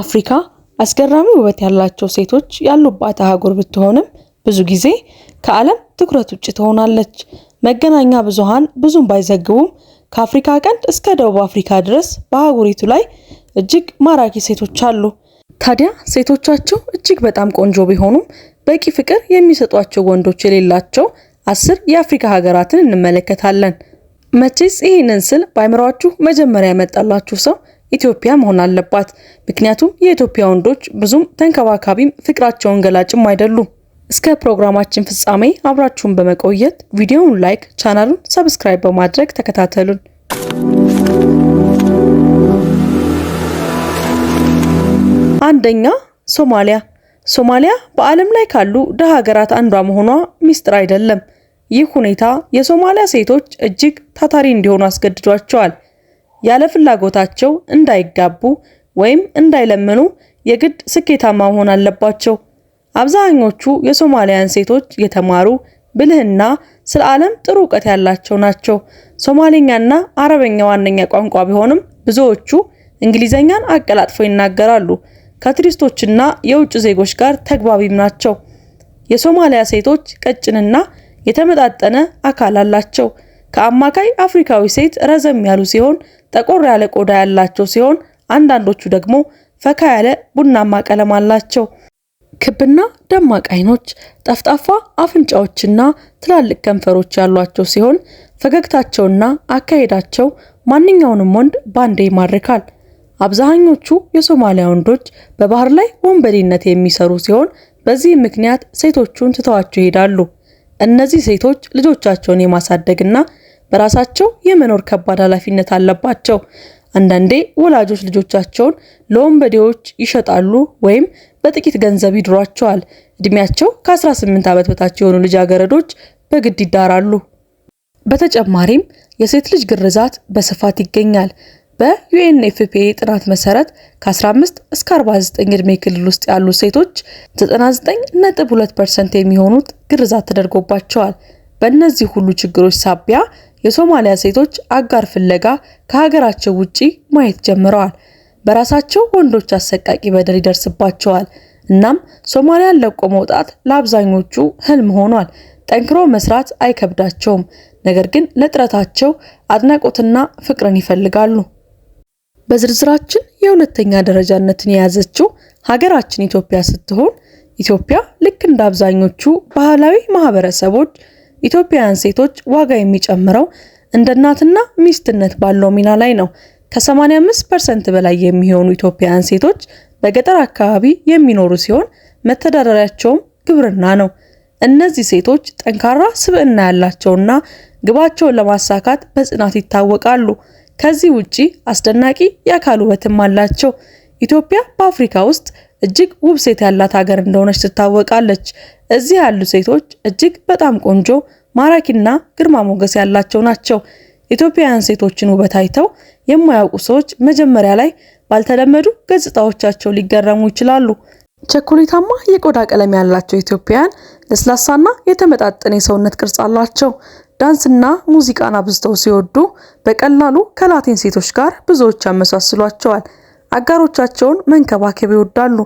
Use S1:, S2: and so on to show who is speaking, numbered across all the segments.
S1: አፍሪካ አስገራሚ ውበት ያላቸው ሴቶች ያሉባት አህጉር ብትሆንም ብዙ ጊዜ ከዓለም ትኩረት ውጭ ትሆናለች። መገናኛ ብዙሃን ብዙም ባይዘግቡም ከአፍሪካ ቀንድ እስከ ደቡብ አፍሪካ ድረስ በአህጉሪቱ ላይ እጅግ ማራኪ ሴቶች አሉ። ታዲያ ሴቶቻቸው እጅግ በጣም ቆንጆ ቢሆኑም በቂ ፍቅር የሚሰጧቸው ወንዶች የሌላቸው አስር የአፍሪካ ሀገራትን እንመለከታለን። መቼስ ይህንን ስል በአይምሯችሁ መጀመሪያ ያመጣላችሁ ሰው ኢትዮጵያ መሆን አለባት። ምክንያቱም የኢትዮጵያ ወንዶች ብዙም ተንከባካቢም ፍቅራቸውን ገላጭም አይደሉም። እስከ ፕሮግራማችን ፍጻሜ አብራችሁን በመቆየት ቪዲዮውን ላይክ፣ ቻናሉን ሰብስክራይብ በማድረግ ተከታተሉን። አንደኛ ሶማሊያ። ሶማሊያ በዓለም ላይ ካሉ ድሃ ሀገራት አንዷ መሆኗ ሚስጥር አይደለም። ይህ ሁኔታ የሶማሊያ ሴቶች እጅግ ታታሪ እንዲሆኑ አስገድዷቸዋል። ያለ ፍላጎታቸው እንዳይጋቡ ወይም እንዳይለምኑ የግድ ስኬታማ መሆን አለባቸው። አብዛኞቹ የሶማሊያን ሴቶች የተማሩ ብልህና ስለ ዓለም ጥሩ እውቀት ያላቸው ናቸው። ሶማሌኛና አረበኛ ዋነኛ ቋንቋ ቢሆንም ብዙዎቹ እንግሊዘኛን አቀላጥፈው ይናገራሉ። ከቱሪስቶችና የውጭ ዜጎች ጋር ተግባቢም ናቸው። የሶማሊያ ሴቶች ቀጭንና የተመጣጠነ አካል አላቸው። ከአማካይ አፍሪካዊ ሴት ረዘም ያሉ ሲሆን ጠቆር ያለ ቆዳ ያላቸው ሲሆን አንዳንዶቹ ደግሞ ፈካ ያለ ቡናማ ቀለም አላቸው። ክብና ደማቅ አይኖች፣ ጠፍጣፋ አፍንጫዎችና ትላልቅ ከንፈሮች ያሏቸው ሲሆን ፈገግታቸውና አካሄዳቸው ማንኛውንም ወንድ ባንዴ ይማርካል። አብዛኞቹ የሶማሊያ ወንዶች በባህር ላይ ወንበዴነት የሚሰሩ ሲሆን በዚህ ምክንያት ሴቶቹን ትተዋቸው ይሄዳሉ። እነዚህ ሴቶች ልጆቻቸውን የማሳደግና በራሳቸው የመኖር ከባድ ኃላፊነት አለባቸው። አንዳንዴ ወላጆች ልጆቻቸውን ለወንበዴዎች ይሸጣሉ ወይም በጥቂት ገንዘብ ይድሯቸዋል። እድሜያቸው ከ18 ዓመት በታች የሆኑ ልጃገረዶች በግድ ይዳራሉ። በተጨማሪም የሴት ልጅ ግርዛት በስፋት ይገኛል። በዩኤንኤፍፒ ጥናት መሰረት ከ15 እስከ 49 ዕድሜ ክልል ውስጥ ያሉ ሴቶች 99.2 ፐርሰንት የሚሆኑት ግርዛት ተደርጎባቸዋል። በእነዚህ ሁሉ ችግሮች ሳቢያ የሶማሊያ ሴቶች አጋር ፍለጋ ከሀገራቸው ውጪ ማየት ጀምረዋል። በራሳቸው ወንዶች አሰቃቂ በደል ይደርስባቸዋል። እናም ሶማሊያን ለቆ መውጣት ለአብዛኞቹ ህልም ሆኗል። ጠንክሮ መስራት አይከብዳቸውም። ነገር ግን ለጥረታቸው አድናቆትና ፍቅርን ይፈልጋሉ። በዝርዝራችን የሁለተኛ ደረጃነትን የያዘችው ሀገራችን ኢትዮጵያ ስትሆን ኢትዮጵያ ልክ እንደ አብዛኞቹ ባህላዊ ማህበረሰቦች ኢትዮጵያውያን ሴቶች ዋጋ የሚጨምረው እንደ እናትና ሚስትነት ባለው ሚና ላይ ነው። ከ85 ፐርሰንት በላይ የሚሆኑ ኢትዮጵያውያን ሴቶች በገጠር አካባቢ የሚኖሩ ሲሆን መተዳደሪያቸውም ግብርና ነው። እነዚህ ሴቶች ጠንካራ ስብዕና ያላቸውና ግባቸውን ለማሳካት በጽናት ይታወቃሉ። ከዚህ ውጪ አስደናቂ የአካል ውበትም አላቸው። ኢትዮጵያ በአፍሪካ ውስጥ እጅግ ውብ ሴት ያላት ሀገር እንደሆነች ትታወቃለች። እዚህ ያሉ ሴቶች እጅግ በጣም ቆንጆ፣ ማራኪና ግርማ ሞገስ ያላቸው ናቸው። ኢትዮጵያውያን ሴቶችን ውበት አይተው የማያውቁ ሰዎች መጀመሪያ ላይ ባልተለመዱ ገጽታዎቻቸው ሊገረሙ ይችላሉ። ቸኮሌታማ የቆዳ ቀለም ያላቸው ኢትዮጵያውያን ለስላሳና የተመጣጠነ የሰውነት ቅርጽ አላቸው። ዳንስና ሙዚቃን አብዝተው ሲወዱ በቀላሉ ከላቲን ሴቶች ጋር ብዙዎች ያመሳስሏቸዋል። አጋሮቻቸውን መንከባከብ ይወዳሉ።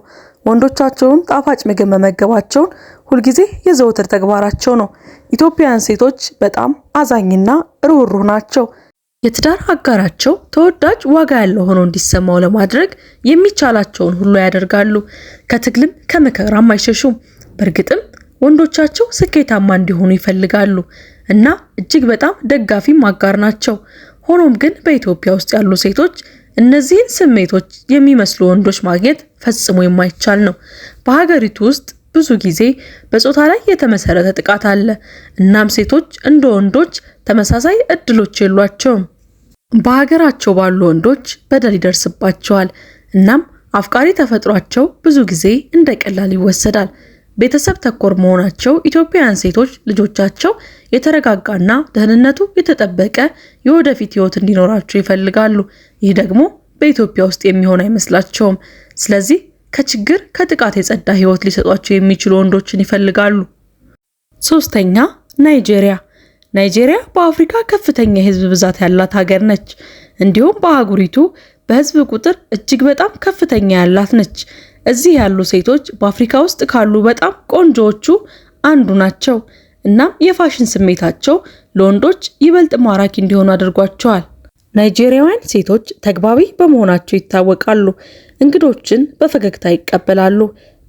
S1: ወንዶቻቸውን ጣፋጭ ምግብ መመገባቸውን ሁልጊዜ የዘወትር ተግባራቸው ነው። ኢትዮጵያውያን ሴቶች በጣም አዛኝና ርኅሩኅ ናቸው። የትዳር አጋራቸው ተወዳጅ ዋጋ ያለው ሆኖ እንዲሰማው ለማድረግ የሚቻላቸውን ሁሉ ያደርጋሉ። ከትግልም ከመከራም አይሸሹም። በእርግጥም ወንዶቻቸው ስኬታማ እንዲሆኑ ይፈልጋሉ እና እጅግ በጣም ደጋፊም አጋር ናቸው። ሆኖም ግን በኢትዮጵያ ውስጥ ያሉ ሴቶች እነዚህን ስሜቶች የሚመስሉ ወንዶች ማግኘት ፈጽሞ የማይቻል ነው። በሀገሪቱ ውስጥ ብዙ ጊዜ በጾታ ላይ የተመሰረተ ጥቃት አለ። እናም ሴቶች እንደ ወንዶች ተመሳሳይ እድሎች የሏቸውም። በሀገራቸው ባሉ ወንዶች በደል ይደርስባቸዋል። እናም አፍቃሪ ተፈጥሯቸው ብዙ ጊዜ እንደ ቀላል ይወሰዳል። ቤተሰብ ተኮር መሆናቸው ኢትዮጵያውያን ሴቶች ልጆቻቸው የተረጋጋና ደህንነቱ የተጠበቀ የወደፊት ህይወት እንዲኖራቸው ይፈልጋሉ። ይህ ደግሞ በኢትዮጵያ ውስጥ የሚሆን አይመስላቸውም። ስለዚህ ከችግር ከጥቃት የጸዳ ህይወት ሊሰጧቸው የሚችሉ ወንዶችን ይፈልጋሉ። ሶስተኛ ናይጄሪያ። ናይጄሪያ በአፍሪካ ከፍተኛ የህዝብ ብዛት ያላት ሀገር ነች። እንዲሁም በአህጉሪቱ በህዝብ ቁጥር እጅግ በጣም ከፍተኛ ያላት ነች። እዚህ ያሉ ሴቶች በአፍሪካ ውስጥ ካሉ በጣም ቆንጆዎቹ አንዱ ናቸው። እናም የፋሽን ስሜታቸው ለወንዶች ይበልጥ ማራኪ እንዲሆኑ አድርጓቸዋል። ናይጄሪያውያን ሴቶች ተግባቢ በመሆናቸው ይታወቃሉ። እንግዶችን በፈገግታ ይቀበላሉ።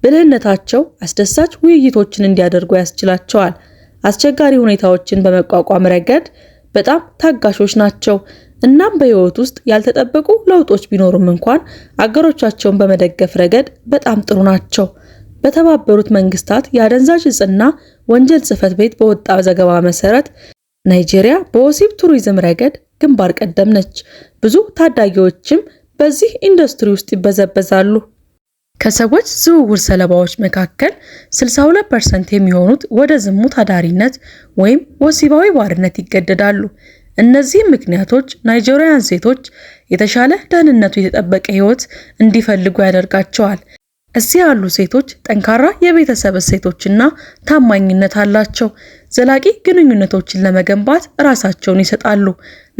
S1: ብልህነታቸው አስደሳች ውይይቶችን እንዲያደርጉ ያስችላቸዋል። አስቸጋሪ ሁኔታዎችን በመቋቋም ረገድ በጣም ታጋሾች ናቸው። እናም በህይወት ውስጥ ያልተጠበቁ ለውጦች ቢኖሩም እንኳን አገሮቻቸውን በመደገፍ ረገድ በጣም ጥሩ ናቸው። በተባበሩት መንግስታት የአደንዛዥ እጽና ወንጀል ጽህፈት ቤት በወጣ ዘገባ መሰረት ናይጄሪያ በወሲብ ቱሪዝም ረገድ ግንባር ቀደም ነች። ብዙ ታዳጊዎችም በዚህ ኢንዱስትሪ ውስጥ ይበዘበዛሉ። ከሰዎች ዝውውር ሰለባዎች መካከል 62 ፐርሰንት የሚሆኑት ወደ ዝሙት አዳሪነት ወይም ወሲባዊ ባርነት ይገደዳሉ። እነዚህ ምክንያቶች ናይጄሪያን ሴቶች የተሻለ ደህንነቱ የተጠበቀ ህይወት እንዲፈልጉ ያደርጋቸዋል። እዚህ ያሉ ሴቶች ጠንካራ የቤተሰብ እሴቶችና ታማኝነት አላቸው። ዘላቂ ግንኙነቶችን ለመገንባት ራሳቸውን ይሰጣሉ።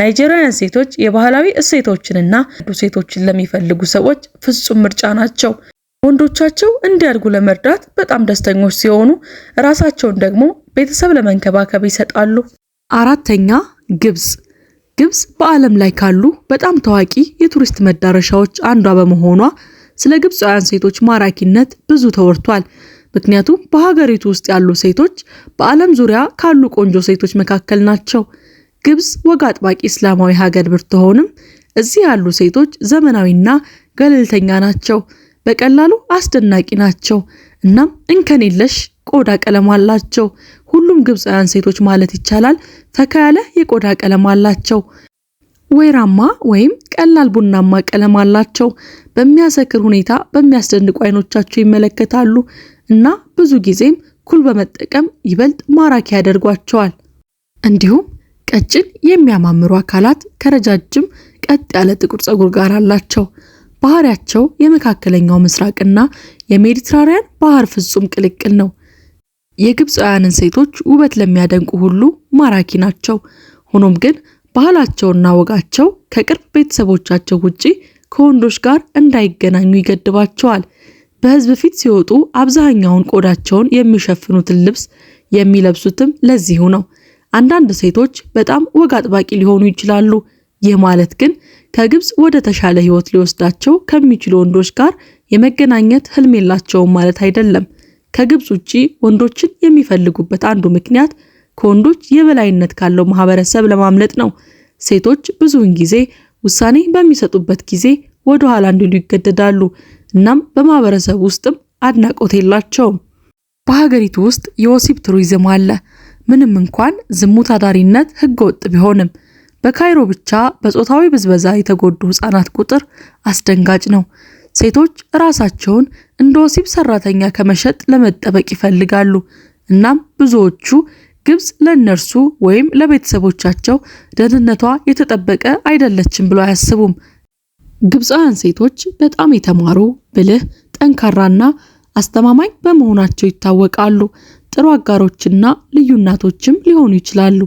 S1: ናይጄሪያን ሴቶች የባህላዊ እሴቶችንና ሴቶችን ለሚፈልጉ ሰዎች ፍጹም ምርጫ ናቸው። ወንዶቻቸው እንዲያድጉ ለመርዳት በጣም ደስተኞች ሲሆኑ ራሳቸውን ደግሞ ቤተሰብ ለመንከባከብ ይሰጣሉ። አራተኛ ግብጽ ግብጽ በዓለም ላይ ካሉ በጣም ታዋቂ የቱሪስት መዳረሻዎች አንዷ በመሆኗ ስለ ግብፃውያን ሴቶች ማራኪነት ብዙ ተወርቷል። ምክንያቱም በሀገሪቱ ውስጥ ያሉ ሴቶች በዓለም ዙሪያ ካሉ ቆንጆ ሴቶች መካከል ናቸው። ግብፅ ወግ አጥባቂ እስላማዊ ሀገር ብትሆንም እዚህ ያሉ ሴቶች ዘመናዊና ገለልተኛ ናቸው። በቀላሉ አስደናቂ ናቸው። እናም እንከን የለሽ የቆዳ ቀለም አላቸው። ሁሉም ግብፃውያን ሴቶች ማለት ይቻላል ፈካ ያለ የቆዳ ቀለም አላቸው። ወይራማ ወይም ቀላል ቡናማ ቀለም አላቸው። በሚያሰክር ሁኔታ በሚያስደንቁ አይኖቻቸው ይመለከታሉ እና ብዙ ጊዜም ኩል በመጠቀም ይበልጥ ማራኪ ያደርጓቸዋል። እንዲሁም ቀጭን የሚያማምሩ አካላት ከረጃጅም ቀጥ ያለ ጥቁር ፀጉር ጋር አላቸው። ባህሪያቸው የመካከለኛው ምስራቅና የሜዲትራሪያን ባህር ፍጹም ቅልቅል ነው። የግብፃውያንን ሴቶች ውበት ለሚያደንቁ ሁሉ ማራኪ ናቸው። ሆኖም ግን ባህላቸውና ወጋቸው ከቅርብ ቤተሰቦቻቸው ውጪ ከወንዶች ጋር እንዳይገናኙ ይገድባቸዋል። በህዝብ ፊት ሲወጡ አብዛኛውን ቆዳቸውን የሚሸፍኑትን ልብስ የሚለብሱትም ለዚሁ ነው። አንዳንድ ሴቶች በጣም ወግ አጥባቂ ሊሆኑ ይችላሉ። ይህ ማለት ግን ከግብፅ ወደ ተሻለ ህይወት ሊወስዳቸው ከሚችሉ ወንዶች ጋር የመገናኘት ህልም የላቸውም ማለት አይደለም። ከግብፅ ውጪ ወንዶችን የሚፈልጉበት አንዱ ምክንያት ከወንዶች የበላይነት ካለው ማህበረሰብ ለማምለጥ ነው። ሴቶች ብዙውን ጊዜ ውሳኔ በሚሰጡበት ጊዜ ወደ ኋላ እንዲሉ ይገደዳሉ። እናም በማህበረሰብ ውስጥም አድናቆት የላቸውም። በሀገሪቱ ውስጥ የወሲብ ቱሪዝም አለ። ምንም እንኳን ዝሙት አዳሪነት ህገወጥ ቢሆንም በካይሮ ብቻ በጾታዊ ብዝበዛ የተጎዱ ህጻናት ቁጥር አስደንጋጭ ነው። ሴቶች ራሳቸውን እንደ ወሲብ ሰራተኛ ከመሸጥ ለመጠበቅ ይፈልጋሉ። እናም ብዙዎቹ ግብፅ ለእነርሱ ወይም ለቤተሰቦቻቸው ደህንነቷ የተጠበቀ አይደለችም ብሎ አያስቡም። ግብፃውያን ሴቶች በጣም የተማሩ፣ ብልህ፣ ጠንካራና አስተማማኝ በመሆናቸው ይታወቃሉ። ጥሩ አጋሮችና ልዩ እናቶችም ሊሆኑ ይችላሉ።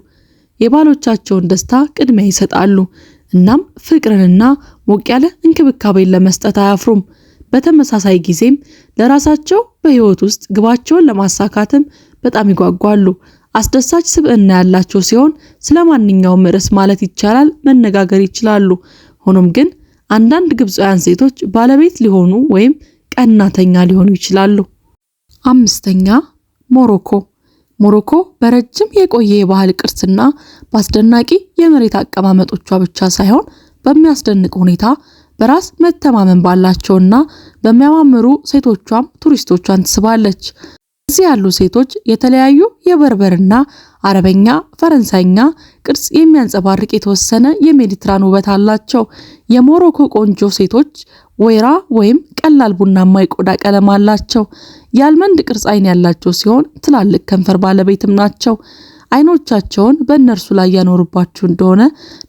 S1: የባሎቻቸውን ደስታ ቅድሚያ ይሰጣሉ። እናም ፍቅርንና ሞቅ ያለ እንክብካቤን ለመስጠት አያፍሩም። በተመሳሳይ ጊዜም ለራሳቸው በህይወት ውስጥ ግባቸውን ለማሳካትም በጣም ይጓጓሉ። አስደሳች ስብዕና ያላቸው ሲሆን ስለ ማንኛውም ርዕስ ማለት ይቻላል መነጋገር ይችላሉ። ሆኖም ግን አንዳንድ ግብፃውያን ሴቶች ባለቤት ሊሆኑ ወይም ቀናተኛ ሊሆኑ ይችላሉ። አምስተኛ ሞሮኮ። ሞሮኮ በረጅም የቆየ የባህል ቅርስና በአስደናቂ የመሬት አቀማመጦቿ ብቻ ሳይሆን በሚያስደንቅ ሁኔታ በራስ መተማመን ባላቸውና በሚያማምሩ ሴቶቿም ቱሪስቶቿን ትስባለች። እዚህ ያሉ ሴቶች የተለያዩ የበርበርና አረበኛ፣ ፈረንሳይኛ ቅርጽ የሚያንጸባርቅ የተወሰነ የሜዲትራን ውበት አላቸው። የሞሮኮ ቆንጆ ሴቶች ወይራ ወይም ቀላል ቡናማ የቆዳ ቀለም አላቸው። የአልመንድ ቅርጽ አይን ያላቸው ሲሆን ትላልቅ ከንፈር ባለቤትም ናቸው። አይኖቻቸውን በእነርሱ ላይ ያኖሩባችሁ እንደሆነ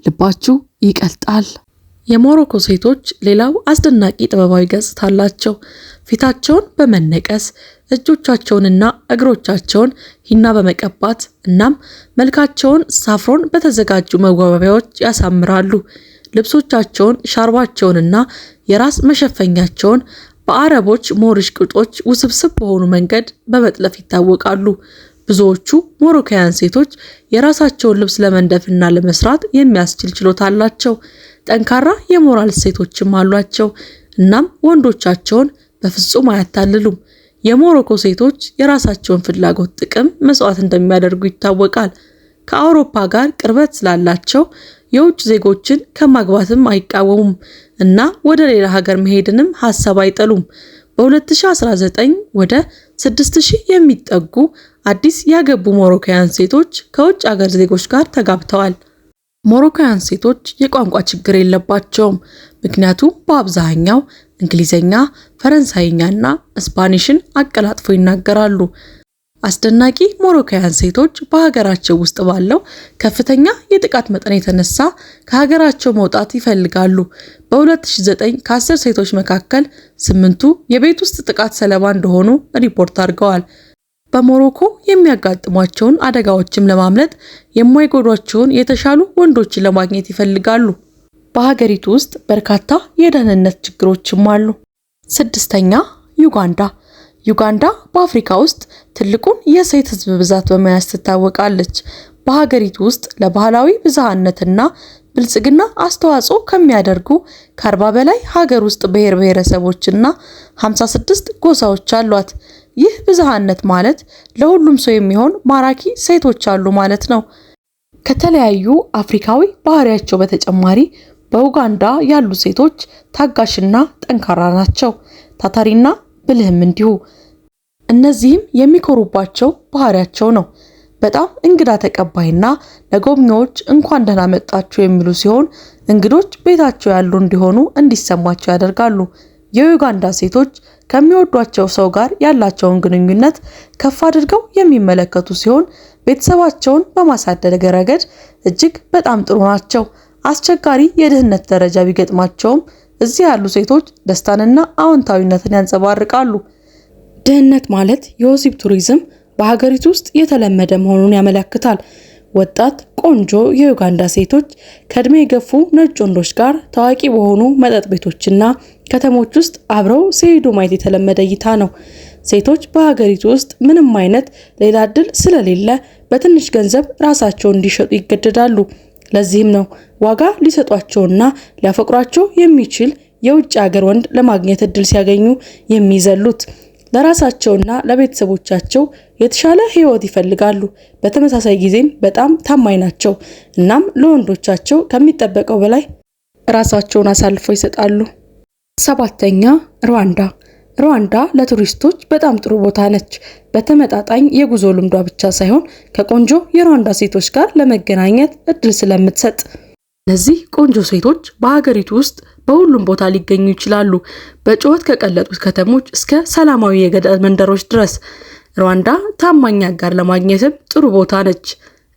S1: ልባችሁ ይቀልጣል። የሞሮኮ ሴቶች ሌላው አስደናቂ ጥበባዊ ገጽታ አላቸው። ፊታቸውን በመነቀስ እጆቻቸውንና እግሮቻቸውን ሂና በመቀባት እናም መልካቸውን ሳፍሮን በተዘጋጁ መዋቢያዎች ያሳምራሉ። ልብሶቻቸውን፣ ሻርባቸውንና የራስ መሸፈኛቸውን በአረቦች ሞሪሽ ቅጦች ውስብስብ በሆኑ መንገድ በመጥለፍ ይታወቃሉ። ብዙዎቹ ሞሮካውያን ሴቶች የራሳቸውን ልብስ ለመንደፍና ለመስራት የሚያስችል ችሎታ አላቸው። ጠንካራ የሞራል ሴቶችም አሏቸው። እናም ወንዶቻቸውን በፍጹም አያታልሉም። የሞሮኮ ሴቶች የራሳቸውን ፍላጎት ጥቅም መስዋዕት እንደሚያደርጉ ይታወቃል። ከአውሮፓ ጋር ቅርበት ስላላቸው የውጭ ዜጎችን ከማግባትም አይቃወሙም እና ወደ ሌላ ሀገር መሄድንም ሀሳብ አይጠሉም። በ2019 ወደ 6000 የሚጠጉ አዲስ ያገቡ ሞሮካውያን ሴቶች ከውጭ አገር ዜጎች ጋር ተጋብተዋል። ሞሮካውያን ሴቶች የቋንቋ ችግር የለባቸውም፣ ምክንያቱም በአብዛኛው እንግሊዝኛ፣ ፈረንሳይኛ እና ስፓኒሽን አቀላጥፎ ይናገራሉ። አስደናቂ ሞሮካውያን ሴቶች በሀገራቸው ውስጥ ባለው ከፍተኛ የጥቃት መጠን የተነሳ ከሀገራቸው መውጣት ይፈልጋሉ። በ2009 ከ10 ሴቶች መካከል ስምንቱ የቤት ውስጥ ጥቃት ሰለባ እንደሆኑ ሪፖርት አድርገዋል። በሞሮኮ የሚያጋጥሟቸውን አደጋዎችም ለማምለጥ የማይጎዷቸውን የተሻሉ ወንዶችን ለማግኘት ይፈልጋሉ። በሀገሪቱ ውስጥ በርካታ የደህንነት ችግሮችም አሉ። ስድስተኛ ዩጋንዳ ዩጋንዳ በአፍሪካ ውስጥ ትልቁን የሴት ህዝብ ብዛት በመያዝ ትታወቃለች። በሀገሪቱ ውስጥ ለባህላዊ ብዝሃነትና ብልጽግና አስተዋጽኦ ከሚያደርጉ ከ40 በላይ ሀገር ውስጥ ብሔር ብሔረሰቦችና 56 ጎሳዎች አሏት። ይህ ብዝሃነት ማለት ለሁሉም ሰው የሚሆን ማራኪ ሴቶች አሉ ማለት ነው። ከተለያዩ አፍሪካዊ ባህሪያቸው በተጨማሪ በኡጋንዳ ያሉ ሴቶች ታጋሽና ጠንካራ ናቸው። ታታሪና ብልህም እንዲሁ። እነዚህም የሚኮሩባቸው ባህሪያቸው ነው። በጣም እንግዳ ተቀባይና ለጎብኚዎች እንኳን ደህና መጣችሁ የሚሉ ሲሆን እንግዶች ቤታቸው ያሉ እንዲሆኑ እንዲሰማቸው ያደርጋሉ። የዩጋንዳ ሴቶች ከሚወዷቸው ሰው ጋር ያላቸውን ግንኙነት ከፍ አድርገው የሚመለከቱ ሲሆን ቤተሰባቸውን በማሳደግ ረገድ እጅግ በጣም ጥሩ ናቸው። አስቸጋሪ የድህነት ደረጃ ቢገጥማቸውም እዚህ ያሉ ሴቶች ደስታንና አዎንታዊነትን ያንጸባርቃሉ። ድህነት ማለት የወሲብ ቱሪዝም በሀገሪቱ ውስጥ የተለመደ መሆኑን ያመለክታል። ወጣት ቆንጆ የዩጋንዳ ሴቶች ከእድሜ የገፉ ነጭ ወንዶች ጋር ታዋቂ በሆኑ መጠጥ ቤቶችና ከተሞች ውስጥ አብረው ሲሄዱ ማየት የተለመደ እይታ ነው። ሴቶች በሀገሪቱ ውስጥ ምንም አይነት ሌላ እድል ስለሌለ በትንሽ ገንዘብ ራሳቸውን እንዲሸጡ ይገደዳሉ። ለዚህም ነው ዋጋ ሊሰጧቸውና ሊያፈቅሯቸው የሚችል የውጭ ሀገር ወንድ ለማግኘት እድል ሲያገኙ የሚዘሉት። ለራሳቸውና ለቤተሰቦቻቸው የተሻለ ህይወት ይፈልጋሉ። በተመሳሳይ ጊዜም በጣም ታማኝ ናቸው። እናም ለወንዶቻቸው ከሚጠበቀው በላይ ራሳቸውን አሳልፈው ይሰጣሉ። ሰባተኛ ሩዋንዳ ሩዋንዳ ለቱሪስቶች በጣም ጥሩ ቦታ ነች። በተመጣጣኝ የጉዞ ልምዷ ብቻ ሳይሆን ከቆንጆ የሩዋንዳ ሴቶች ጋር ለመገናኘት እድል ስለምትሰጥ እነዚህ ቆንጆ ሴቶች በሀገሪቱ ውስጥ በሁሉም ቦታ ሊገኙ ይችላሉ። በጩኸት ከቀለጡት ከተሞች እስከ ሰላማዊ የገጠር መንደሮች ድረስ ሩዋንዳ ታማኝ አጋር ለማግኘትም ጥሩ ቦታ ነች።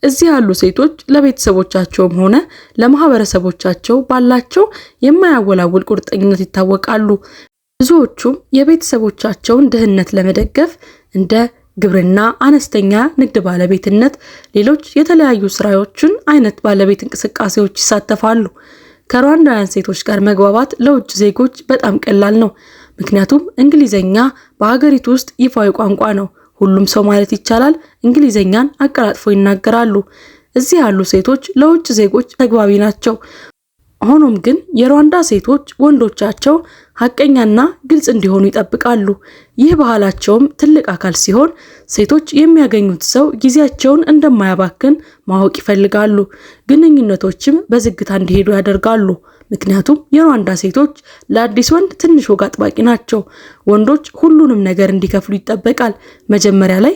S1: እዚህ ያሉ ሴቶች ለቤተሰቦቻቸውም ሆነ ለማህበረሰቦቻቸው ባላቸው የማያወላውል ቁርጠኝነት ይታወቃሉ። ብዙዎቹም የቤተሰቦቻቸውን ድህነት ለመደገፍ እንደ ግብርና፣ አነስተኛ ንግድ ባለቤትነት፣ ሌሎች የተለያዩ ስራዎችን አይነት ባለቤት እንቅስቃሴዎች ይሳተፋሉ። ከሩዋንዳውያን ሴቶች ጋር መግባባት ለውጭ ዜጎች በጣም ቀላል ነው፣ ምክንያቱም እንግሊዘኛ በሀገሪቱ ውስጥ ይፋዊ ቋንቋ ነው። ሁሉም ሰው ማለት ይቻላል እንግሊዘኛን አቀላጥፎ ይናገራሉ። እዚህ ያሉ ሴቶች ለውጭ ዜጎች ተግባቢ ናቸው። ሆኖም ግን የሩዋንዳ ሴቶች ወንዶቻቸው ሀቀኛና ግልጽ እንዲሆኑ ይጠብቃሉ። ይህ ባህላቸውም ትልቅ አካል ሲሆን ሴቶች የሚያገኙት ሰው ጊዜያቸውን እንደማያባክን ማወቅ ይፈልጋሉ። ግንኙነቶችም በዝግታ እንዲሄዱ ያደርጋሉ። ምክንያቱም የሩዋንዳ ሴቶች ለአዲስ ወንድ ትንሽ ወግ አጥባቂ ናቸው። ወንዶች ሁሉንም ነገር እንዲከፍሉ ይጠበቃል መጀመሪያ ላይ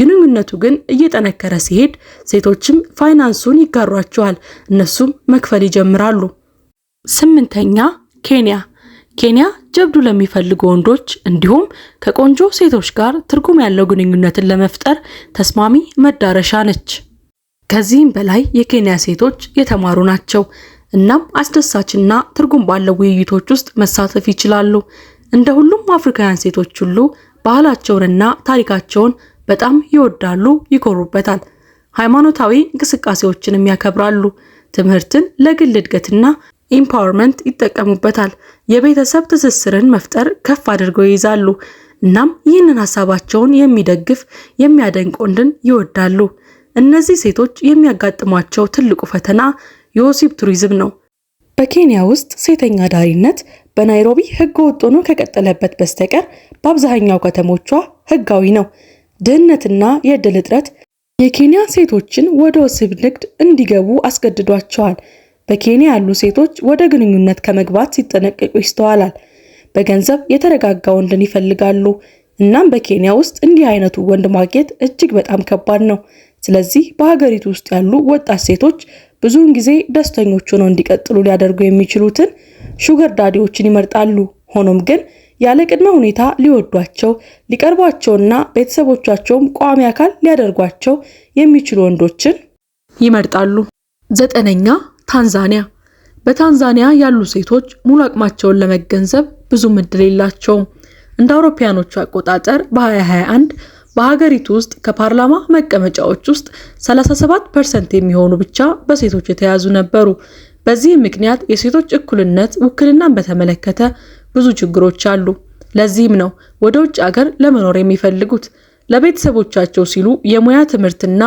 S1: ግንኙነቱ ግን እየጠነከረ ሲሄድ ሴቶችም ፋይናንሱን ይጋሯቸዋል። እነሱም መክፈል ይጀምራሉ። ስምንተኛ ኬንያ ኬንያ ጀብዱ ለሚፈልጉ ወንዶች እንዲሁም ከቆንጆ ሴቶች ጋር ትርጉም ያለው ግንኙነትን ለመፍጠር ተስማሚ መዳረሻ ነች። ከዚህም በላይ የኬንያ ሴቶች የተማሩ ናቸው። እናም አስደሳችና ትርጉም ባለው ውይይቶች ውስጥ መሳተፍ ይችላሉ። እንደ ሁሉም አፍሪካውያን ሴቶች ሁሉ ባህላቸውንና ታሪካቸውን በጣም ይወዳሉ፣ ይኮሩበታል። ሃይማኖታዊ እንቅስቃሴዎችንም ያከብራሉ። ትምህርትን ለግል እድገትና ኢምፓወርመንት ይጠቀሙበታል። የቤተሰብ ትስስርን መፍጠር ከፍ አድርገው ይይዛሉ። እናም ይህንን ሀሳባቸውን የሚደግፍ የሚያደንቅ ወንድን ይወዳሉ። እነዚህ ሴቶች የሚያጋጥሟቸው ትልቁ ፈተና የወሲብ ቱሪዝም ነው። በኬንያ ውስጥ ሴተኛ አዳሪነት በናይሮቢ ህገ ወጥ ሆኖ ከቀጠለበት በስተቀር በአብዛኛው ከተሞቿ ሕጋዊ ነው። ድህነትና የዕድል እጥረት የኬንያ ሴቶችን ወደ ወሲብ ንግድ እንዲገቡ አስገድዷቸዋል። በኬንያ ያሉ ሴቶች ወደ ግንኙነት ከመግባት ሲጠነቀቁ ይስተዋላል። በገንዘብ የተረጋጋ ወንድን ይፈልጋሉ። እናም በኬንያ ውስጥ እንዲህ አይነቱ ወንድ ማግኘት እጅግ በጣም ከባድ ነው። ስለዚህ በሀገሪቱ ውስጥ ያሉ ወጣት ሴቶች ብዙውን ጊዜ ደስተኞች ሆነው እንዲቀጥሉ ሊያደርጉ የሚችሉትን ሹገር ዳዲዎችን ይመርጣሉ። ሆኖም ግን ያለ ቅድመ ሁኔታ ሊወዷቸው ሊቀርቧቸውና ቤተሰቦቻቸውም ቋሚ አካል ሊያደርጓቸው የሚችሉ ወንዶችን ይመርጣሉ። ዘጠነኛ ታንዛኒያ በታንዛኒያ ያሉ ሴቶች ሙሉ አቅማቸውን ለመገንዘብ ብዙ እድል የላቸውም። እንደ አውሮፓያኖቹ አቆጣጠር በ2021 በሀገሪቱ ውስጥ ከፓርላማ መቀመጫዎች ውስጥ 37 ፐርሰንት የሚሆኑ ብቻ በሴቶች የተያዙ ነበሩ። በዚህ ምክንያት የሴቶች እኩልነት ውክልናን በተመለከተ ብዙ ችግሮች አሉ። ለዚህም ነው ወደ ውጭ ሀገር ለመኖር የሚፈልጉት። ለቤተሰቦቻቸው ሲሉ የሙያ ትምህርትና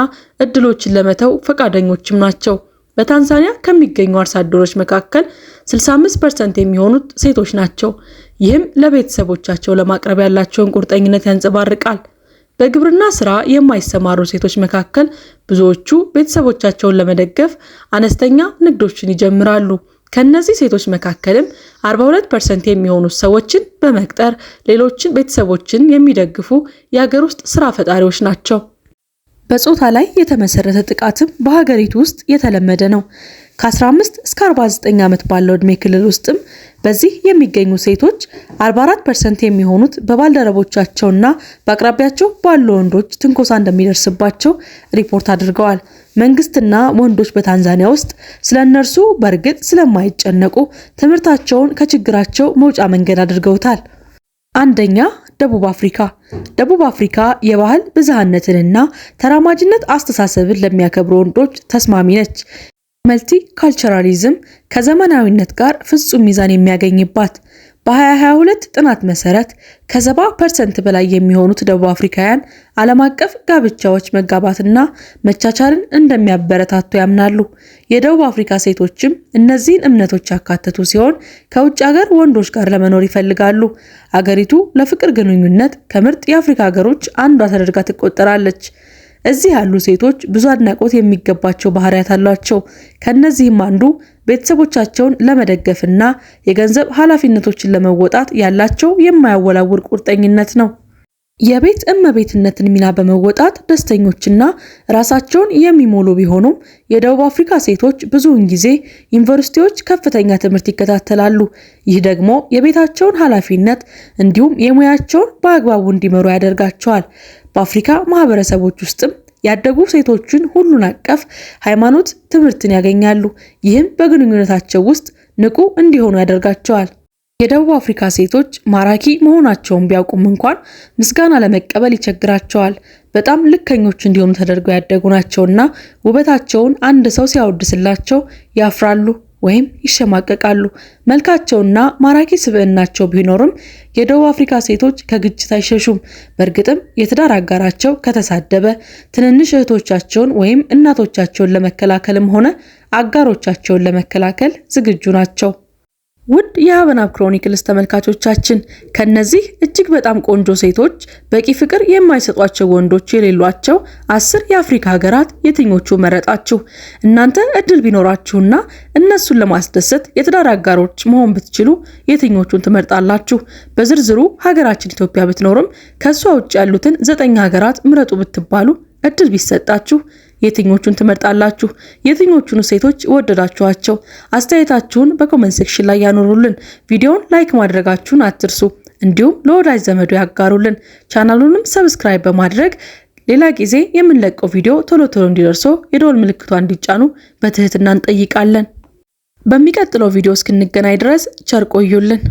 S1: እድሎችን ለመተው ፈቃደኞችም ናቸው። በታንዛኒያ ከሚገኙ አርሶ አደሮች መካከል 65 ፐርሰንት የሚሆኑት ሴቶች ናቸው። ይህም ለቤተሰቦቻቸው ለማቅረብ ያላቸውን ቁርጠኝነት ያንጸባርቃል። በግብርና ስራ የማይሰማሩ ሴቶች መካከል ብዙዎቹ ቤተሰቦቻቸውን ለመደገፍ አነስተኛ ንግዶችን ይጀምራሉ። ከእነዚህ ሴቶች መካከልም 42 ፐርሰንት የሚሆኑት ሰዎችን በመቅጠር ሌሎችን ቤተሰቦችን የሚደግፉ የሀገር ውስጥ ስራ ፈጣሪዎች ናቸው። በጾታ ላይ የተመሰረተ ጥቃትም በሀገሪቱ ውስጥ የተለመደ ነው። ከ15 እስከ 49 ዓመት ባለው ዕድሜ ክልል ውስጥም በዚህ የሚገኙ ሴቶች 44 ፐርሰንት የሚሆኑት በባልደረቦቻቸውና በአቅራቢያቸው ባሉ ወንዶች ትንኮሳ እንደሚደርስባቸው ሪፖርት አድርገዋል። መንግስትና ወንዶች በታንዛኒያ ውስጥ ስለ እነርሱ በእርግጥ ስለማይጨነቁ ትምህርታቸውን ከችግራቸው መውጫ መንገድ አድርገውታል። አንደኛ ደቡብ አፍሪካ ደቡብ አፍሪካ የባህል ብዝሃነትንና ተራማጅነት አስተሳሰብን ለሚያከብሩ ወንዶች ተስማሚ ነች። መልቲ ካልቸራሊዝም ከዘመናዊነት ጋር ፍጹም ሚዛን የሚያገኝባት በ2022 ጥናት መሰረት ከ70 ፐርሰንት በላይ የሚሆኑት ደቡብ አፍሪካውያን ዓለም አቀፍ ጋብቻዎች መጋባትና መቻቻልን እንደሚያበረታቱ ያምናሉ። የደቡብ አፍሪካ ሴቶችም እነዚህን እምነቶች ያካተቱ ሲሆን ከውጭ ሀገር ወንዶች ጋር ለመኖር ይፈልጋሉ። አገሪቱ ለፍቅር ግንኙነት ከምርጥ የአፍሪካ ሀገሮች አንዷ ተደርጋ ትቆጠራለች። እዚህ ያሉ ሴቶች ብዙ አድናቆት የሚገባቸው ባህሪያት አሏቸው። ከእነዚህም አንዱ ቤተሰቦቻቸውን ለመደገፍና የገንዘብ ኃላፊነቶችን ለመወጣት ያላቸው የማያወላውር ቁርጠኝነት ነው። የቤት እመቤትነትን ሚና በመወጣት ደስተኞችና ራሳቸውን የሚሞሉ ቢሆኑም የደቡብ አፍሪካ ሴቶች ብዙውን ጊዜ ዩኒቨርሲቲዎች ከፍተኛ ትምህርት ይከታተላሉ። ይህ ደግሞ የቤታቸውን ኃላፊነት እንዲሁም የሙያቸውን በአግባቡ እንዲመሩ ያደርጋቸዋል። በአፍሪካ ማህበረሰቦች ውስጥም ያደጉ ሴቶችን ሁሉን አቀፍ ሃይማኖት ትምህርትን ያገኛሉ። ይህም በግንኙነታቸው ውስጥ ንቁ እንዲሆኑ ያደርጋቸዋል። የደቡብ አፍሪካ ሴቶች ማራኪ መሆናቸውን ቢያውቁም እንኳን ምስጋና ለመቀበል ይቸግራቸዋል። በጣም ልከኞች እንዲሆኑ ተደርገው ያደጉ ናቸውና ውበታቸውን አንድ ሰው ሲያወድስላቸው ያፍራሉ። ወይም ይሸማቀቃሉ። መልካቸውና ማራኪ ስብዕናቸው ቢኖርም የደቡብ አፍሪካ ሴቶች ከግጭት አይሸሹም። በእርግጥም የትዳር አጋራቸው ከተሳደበ ትንንሽ እህቶቻቸውን ወይም እናቶቻቸውን ለመከላከልም ሆነ አጋሮቻቸውን ለመከላከል ዝግጁ ናቸው። ውድ የሀበናብ ክሮኒክልስ ተመልካቾቻችን ከነዚህ እጅግ በጣም ቆንጆ ሴቶች በቂ ፍቅር የማይሰጧቸው ወንዶች የሌሏቸው አስር የአፍሪካ ሀገራት የትኞቹ መረጣችሁ? እናንተ እድል ቢኖራችሁና እነሱን ለማስደሰት የትዳር አጋሮች መሆን ብትችሉ የትኞቹን ትመርጣላችሁ? በዝርዝሩ ሀገራችን ኢትዮጵያ ብትኖርም ከእሷ ውጭ ያሉትን ዘጠኝ ሀገራት ምረጡ ብትባሉ እድል ቢሰጣችሁ የትኞቹን ትመርጣላችሁ? የትኞቹን ሴቶች ወደዳችኋቸው? አስተያየታችሁን በኮመንት ሴክሽን ላይ ያኖሩልን። ቪዲዮውን ላይክ ማድረጋችሁን አትርሱ። እንዲሁም ለወዳጅ ዘመዶ ያጋሩልን። ቻናሉንም ሰብስክራይብ በማድረግ ሌላ ጊዜ የምንለቀው ቪዲዮ ቶሎ ቶሎ እንዲደርሶ የደወል ምልክቷን እንዲጫኑ በትህትና እንጠይቃለን። በሚቀጥለው ቪዲዮ እስክንገናኝ ድረስ ቸር ቆዩልን።